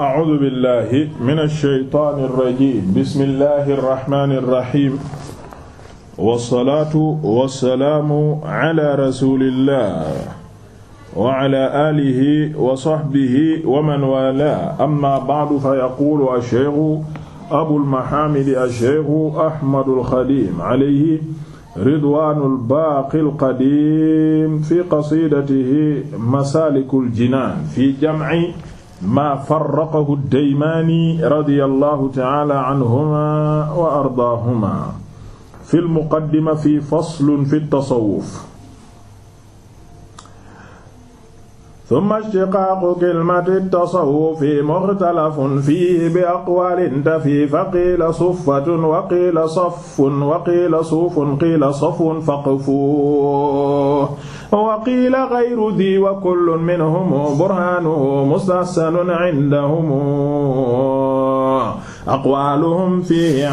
أعوذ بالله من الشيطان الرجيم بسم الله الرحمن الرحيم والصلاة والسلام على رسول الله وعلى آله وصحبه ومن والاه أما بعد فيقول الشيخ أبو المحامد الشيخ أحمد الخليم عليه رضوان الباقي القديم في قصيدته مسالك الجنان في جمع maa farraqahu ad-Daymaani radiyallahu ta'ala anhumaa wa ardaahumaa fi al-muqaddima fi faslun fi at-tasawwuf summa ishtiqaaqu kalimati tasawwufi muxtalafun fiihi bi aqwaalin tafi fa qiila suffatun wa qiila saffun wa qiila suufun qiila safun faqfu wa qiila ghayru dhi wa kullun minhum burhanuhu fii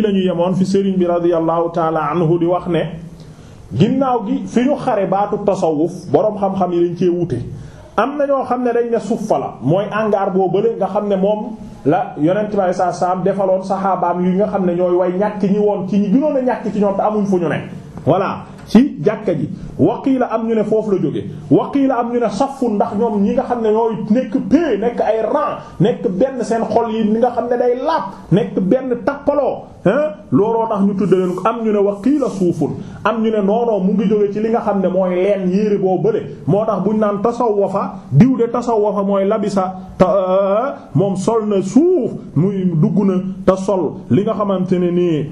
la ñu fi sëriñ bi radiyallahu taala wax ne ginnaaw gi fi ñu xare baatu tasawuf boroom xam-xam yi dañ cee wute am na ñoo xam ne dañ ne suffa mooy angaar boo bële nga xam ne moom la yonent bi saa saam defaloon saxaabaam yi nga xam ne ñooy way ñàkk ñi woon ci ñi gënoon a ñàkk ci ñoom te amuñ fu ñu ne voilà ci jàkka ji waqiila am ñu ne foofu la jóge waqiila am ñu ne safu ndax ñoom ñi nga xam ne ñooy nekk pee nekk ay rang nekk benn seen xol yi li nga xam ne day laaj nekk benn tappaloo looloo tax ñu tudde leen am ñu ne waqiila suufun am ñu ne noonoo mu ngi jóge ci li nga xam ne mooy leen yéere boo moo tax buñ naan tasawwafa diw de tasawwafa mooy labisa ta euh, moom sol na suuf muy dugg na te sol li nga xamante ne nii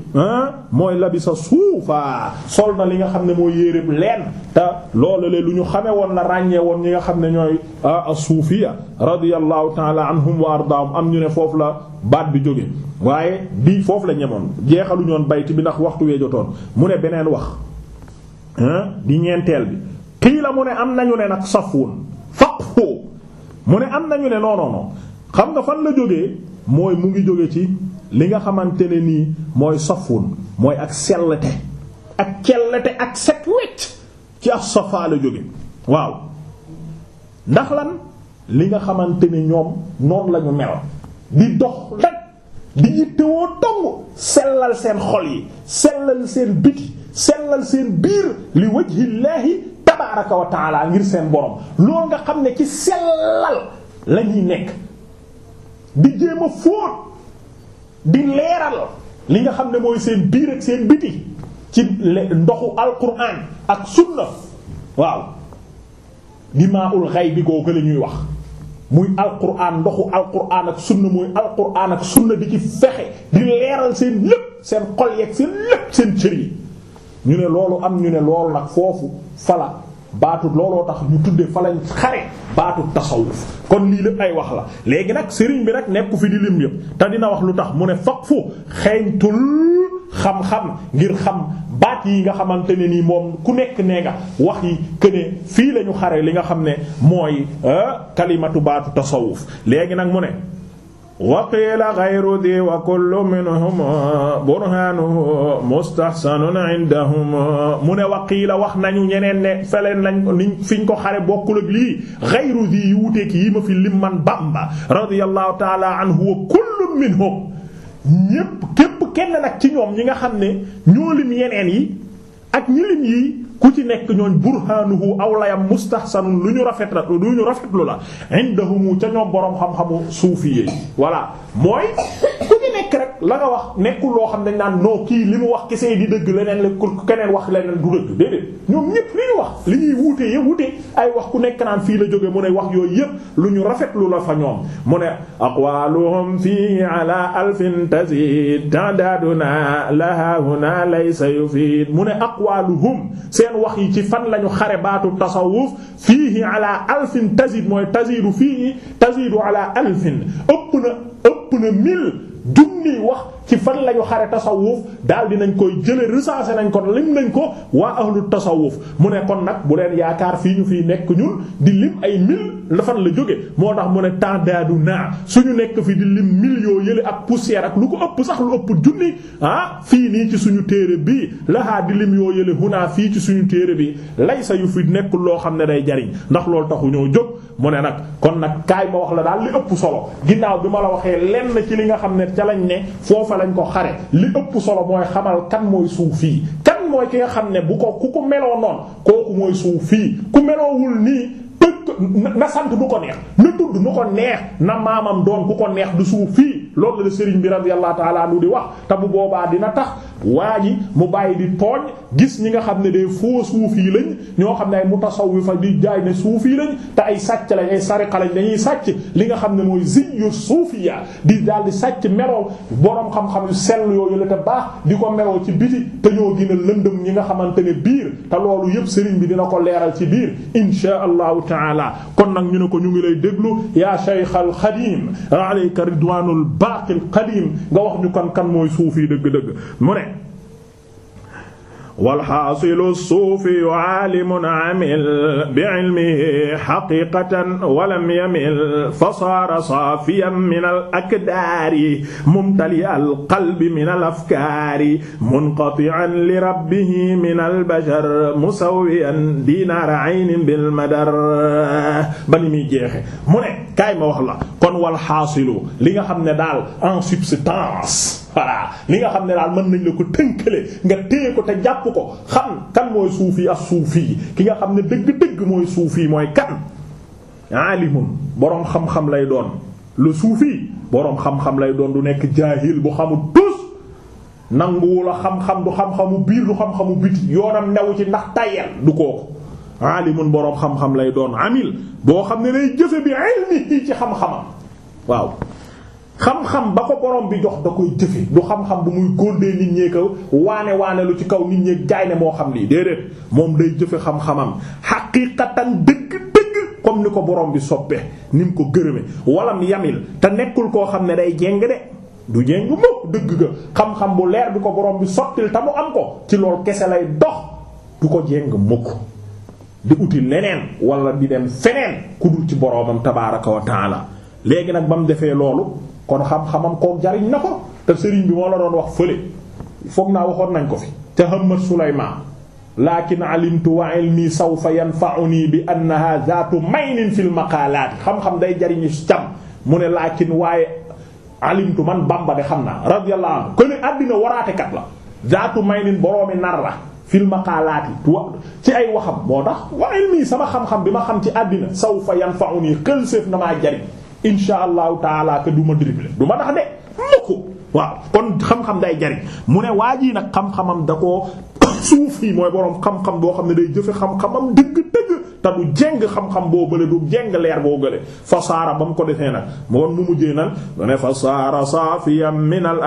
mooy labisa suufa sol na li nga xam ne mooy yéere leen te loolu le lu ñu xame woon na ràññee woon ñi nga xam ne ñooy a suufiya radiyallahu taala anhum wa ardaahum am ñu ne foofu la baat bi jóge waaye bii foofu la ñemoon jeexalu ñoon bayt bi ndax waxtu wee jotoon mu ne beneen wax di ñeenteel bi xii la mu ne am nañu ne nag safuun faqhu mu ne am nañu ne non xam nga fan la jóge mooy mu ngi jóge ci li nga xamante ne nii mooy safuun mooy ak sellte ak cellte ak set wecc ci as-Safa la jóge waaw ndax lan li nga xamante ni ñoom noonu lañu mel di dox rek di yittewoo dong sellal seen xol yi sellal seen biti sellal seen biir li wajhillaahi tabaaraka wa ngir seen borom loolu nga xam ne ci sellal lañuy nekk di jéem a fóot di leeral li nga xam ne mooy seen biir ak seen biti ci ndoxu alquran ak sunna waaw di xay bi googu la ñuy wax muy alquran ndoxu alquran ak sunna muy alquran ak sunna di ci fexe di leeral seen lépp seen xol yeeg seen lépp seen cër yi ñu ne loolu am ñu ne loolu nag foofu fala baatu looloo tax ñu tuddee fa lañ xare baatu tasawuf kon lii lépp ay wax la léegi nag sëriñ bi nag nekku fi di lim yëpp te dina wax lu tax mu ne faq fu xeeñtul xam-xam ngir xam baat yi nga xamante ne nii moom ku nekk nee nga wax yi këne fii lañu xare li nga xam ne mooy euh, kalimatu baatu tasawuf léegi nag mu ne wa qiila ghayru di wa kullu minhum burhaanuhu mustahsanun indahum mu ne wa qiila wax nañu ñeneen ne feleen lañ niñ fiñ ko xare bokkul ak lii ghayru di yu wuteek yi ma fi lim man Bamba radiyallahu ta'ala anhu wa kullu minhum ñépp képp kenn nag ci ñoom ñi nga xam ne ñoo lim yeneen yi ak ñi lim yi ku ci nekk ñooñ burhanuhu aw layam mustahsanun lu ñu rafet la lu ñu rafetlu la indahumu ca ñoom boroom xam-xamu voilà mooy nekk rek la wax nekkul loo xam dañ naan non kii li mu wax kese di dëgg leneen la ku keneen wax leneen du dëgg déedéet ñoom ñépp li ñu wax li ñuy wuute ya wuute ay wax ku nekk naan fii la jóge mu ne wax yooyu yëpp lu ñu rafet lu la fa ñoom mu ne aqwaluhum fii ala alfin tazid ta'daduna laha huna laysa yufid mu ne aqwaluhum seen wax yi ci fan lañu xare baatu tasawuf fiihi ala alfin tazid mooy tazidu fiihi tazidu ala alfin ëpp na ëpp na mil junniy wax ci fan la ñu xare tasawuf daal dinañ koy jële recensé nañ ko lim nañ ko waa ahlu tasawuf mu ne kon nag bu leen yaakaar fii ñu fiy nekk ñun di lim ay mil fan la jóge moo tax mu ne tendaadu naa suñu nekk fi di lim mil yoo yële ak poussière ak lu ko ëpp sax lu ëpp junni ah, fii nii ci suñu téere bi laxaa di lim yoo yële hunaa fii ci suñu téere bi laysa yu fi nekk loo xam ne day jariñ ndax loolu taxu ñëw jóg mu ne nag kon nag kaay ma wax la daal li ëpp solo ginnaaw bi ma la waxee lenn li nga xam ne ca ne fa lañ ko xare li ëpp solo mooy xamal kan mooy fii kan mooy ki nga xam ne bu ko ku ko meloo noonu kooku mooy fii ku meloowul nii na sant du ko neex na tudd nu ko neex na maamam doon ku ko neex du suuf fii loolu la sëriñ bi radiyallahu ta'ala anhu di wax te bu boobaa dina tax waa ji mu bàyyi di tooñ gis ñi nga xam ne des faux suufi lañ ñoo xam ne ay mutasawwifa di jaay ne suufi lañ te ay sàcc lañ ay sariqa lañ dañuy sàcc li nga xam ne mooy ziyyu suufiya di daal di sàcc meroo boroom xam-xam yu sell yooyu la te baax di ko meroo ci biti te ñoo gën a lëndëm ñi nga xamante ne biir te loolu yépp sëriñ bi dina ko leeral ci biir insha allahu taala kon nag ñu ne ko ñu ngi lay déglu yaa shaykh al xadim alayka ridwanul baaqil qadim nga wax kan mooy suufi dëgg-dëgg mu ne walxaasilu suufiyu aalimun amil bi ilmihi xaqiqatan walam yamil fasaara saafiyan min al akdaari mumtali al qalbi min al afkaari munqati'an li rabbihi min al bashar musawwiyan diinaara aynin bil madar ba ni muy jeexe mu ne kaay ma wax la kon wal xaasilu li nga xam ne daal en substance voilà li nga xam ne daal mën nañ la ko tënkale nga téye ko te jàpp ko xam kan mooy suufi ak suufi ki nga xam ne dëgg-dëgg mooy suufi mooy kan aalimun boroom xam-xam lay doon le suufi boroom xam-xam lay doon du nekk jaahil bu xamul tus nanguwula xam-xam du xam-xamu biir du xam-xamu biti yoonam newu ci ndax tayel du kooku alimun boroom xam-xam lay doon amil boo xam ne lay jëfe bi ilmihi ci xam-xamam waaw xam-xam ba ko borom bi jox da koy jëfe du xam-xam bu muy góndee nit ñee ko waane waane lu ci kaw nit ñee jaay ne moo xam lii déedéet moom day jëfe xam-xamam xaqiiqatan comme ni ko borom bi soppe ni mu ko gërëme walam yamil te nekkul koo xam ne day jeng du jéng dëgg ga xam bu leer bi ko borom bi sottil te mu am ko ci loolu kese lay dox du ko jéng mukk di uti leneen wala di dem feneen ku dul ci boroomam tabaaraka wa taala léegi nag ba mu defee loolu kon xam-xamam koo jariñ na ko te sëriñ bi moo la doon wax fële foog naa waxoon nañ ko fi te Hamad Sulaymaan lakin alimtu wa ilmi sawfa yanfa'uni bi annaha zaatu maynin fil maqalaat xam-xam day jariñu si cam mu ne lakin waaye alimtu man Bamba de xam naa radiyallahu anhu kon àddina waraatekat la zaatu maynin boroomi nar la fil maqaalaati wa ci ay waxam moo tax wa ilmi sama xam-xam bi ma xam ci àddina sawfa yanfa'uni xel seef na maa jariñ insha allahu taala que du ma dribble tax de mukk waaw kon xam-xam day jariñ mu ne waa jii nag xam-xamam da ko suuf yi mooy boroom xam-xam boo xam ne day jëfe xam am dëgg-dëgg te du jeng xam-xam boo bële du jeng leer boo gële fasaara ba mu ko defee nag moon mu mujjee nag mu ne fasaara saafiya min al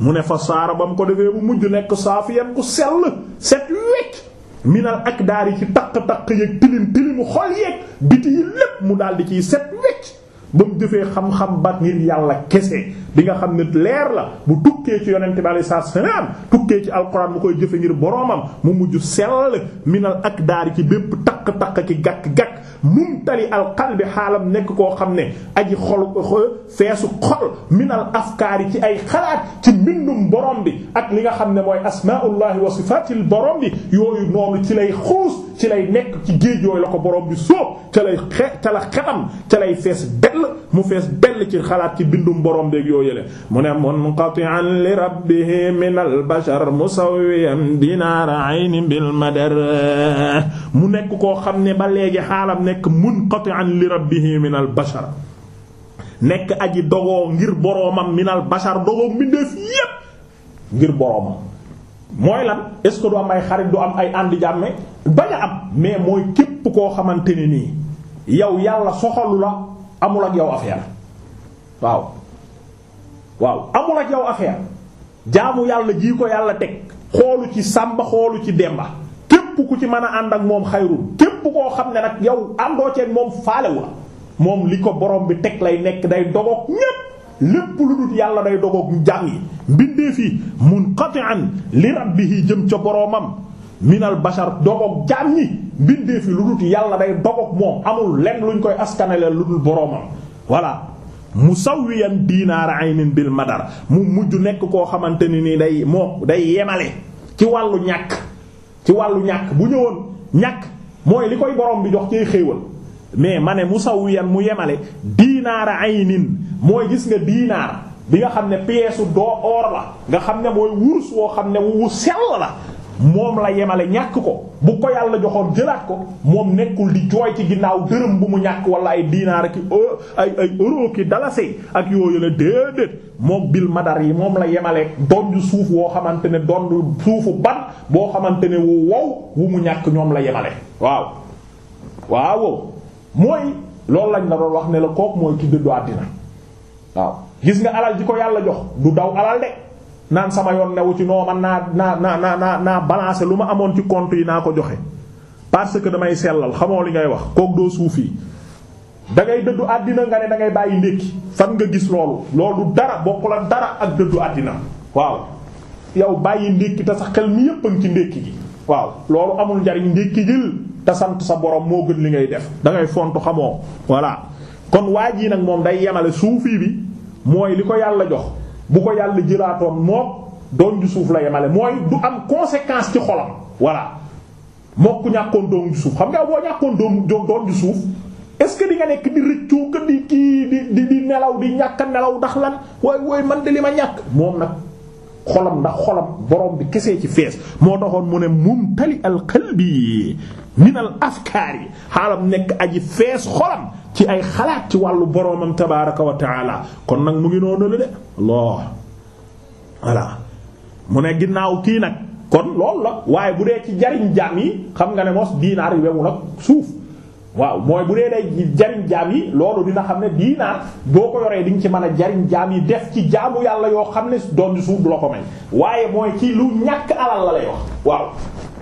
mu ne fasaara ba mu ko defee bu mujj nekk saafiyan ku sell set wecc minal akdaar yi ci taq-taq yeeg tilim tilimu xol yeeg biti yi lépp mu daal di ciy set wecc ba mu jëfee xam-xam ba ngir yàlla kese bi nga xam ne leer la bu tukkee ci yonent bi alayhi salaam tukkee ci alxuraan mu koy jëfe ngir boroomam mu mujj sell minal ak daari ci bépp takk-takk ki gàkk-gàkk mumtali al qalbi xaalam nekk koo xam ne aji xol feesu xol minal afkaari ci ay xalaat ci mbindum borom bi ak li nga xam ne mooy asmaullahi wa sifatil borom bi yooyu noonu ci lay xuus ci lay nekk ci géej yooyu la ko boroom bi soob ca lay xe ca la xetam ca lay fees bell mu fees bell ci xalaat ci bindum borom beeg yoo yële mu ne munqati'an li rabbihi min al bashar mu nekk koo xam ne ba léegi xaalam nekk munqati'an li rabbihi min al bashar nekk aji dogoo ngir boromam min al bashar dogoo mbindeef yépp ngir boromam mooy lan est-ce que du am ay xarit du am ay ànd jàmme bañ a am mais mooy képp koo xamante ne nii yow yàlla soxalu la amul ak yow affaire waaw waaw amul ak yow affaire jaamu yàlla ji ko yàlla teg xoolu ci sàmba xoolu ci demba képp ku ci mën a ànd ak moom xayrul képp koo xam ne nag yow àndoo ceeg moom faalewu la moom li ko borom bi teg lay nekk day dogoog ñépp lépp lu dul yàlla day dogoog jàng yi mbindeef yi munqati'an li rabbihi jëm ca boroomam minal basar dogoog jaam ñi mbindeef lu dul yàlla day dogoog moom amul lenn luñ koy askanale lu dul boroomam voilà musawwiyan diinaara aynin bil madar mu mujj nekk koo xamante ni nii day moo day yemale ci wàllu ñàkk ci wàllu ñàkk bu ñëwoon ñàkk mooy li koy borom bi jox ci xéewal mais ma ne musawiyan mu yemale ay nin mooy gis nga diinaar bi nga xam ne pièce doo or la nga xam ne mooy wurus woo xam ne wu sell la moom la yemale ñàkk ko bu ko yàlla joxoon jëlaat ko moom nekkul di jooy ci ginnaaw dërëm bu mu ñàkk wala ay diinaar ki euh, ak yooyu la déedéet moom bil madar yi moom la yemale donj suuf woo xamante ne donj suufu ban boo xamante ne wu wow wu mu ñàkk ñoom la yemale waaw waaw mooy loolu lañ la doon wax ne la kook mooy ki dëddu àddina waaw gis nga alal ji ko yàlla jox du daw alal de naan sama yoon newu ci noo man naa naa naa naa naa balancer lu ma amoon ci compte yi naa ko joxe parce que damay sellal xamoo li ngay wax kook doo suufi da ngay dëddu àddina nga ne da ngay bàyyi ndékki fan nga gis loolu loolu dara bokk la dara ak dëddu àddina waaw yow bàyyi ndékki te sa xel mi yépp ci ndékki gi waaw loolu amul njariñ ndékki jël te sant sa borom moo gën li ngay def da ngay fontu xamoo voilà kon waa jii nag moom day yemale suufii bi mooy li ko yàlla jox bu ko yàlla jëlaatoon moom doon ju suuf la yemale mooy du am conséquence ci xolam voilà moo ku ñàkkoon doom ju suuf xam nga boo ñàkkoon doom doom ju suuf est-ce que di nga nekk di rëccoo que di kii di di nelaw di ñàkk a nelaw ndax lan waay waay man de li ma ñàkk moom nag xolam ndax xolam borom bi kesee ci fees moo taxoon mu ne mumtali al qalbi minal afkaar yi xaalam nekk aji fees xolam ci ay xalaat ci wàllu boroomam tabaaraka wa kon nag mu ngi noonu la de loo voilà mu ne ginnaaw kii nag kon loolu la waaye bu dee ci jariñ jaam yi xam nga ne mos diinaar yi wewul bu dee day jariñ jaam yi loolu dina xam ne diinaar boo ko yoree di nga ci mën a jariñ jaam yi def ci jaamu yàlla yoo xam ne doon suuf du la ko may waaye mooy ci lu ñàkk alal la lay waaw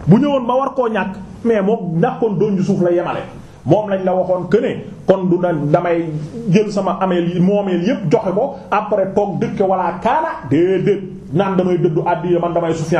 bu ñëwoon ma war koo ñàkk. mais moom ndax kon doon ju suuf la yemale moom lañ la waxoon que kon du na damay jël sama ameel moomeel yépp joxe ko après toog dëkke walla kaana déedéet naan damay dëddu àddi man damay sufian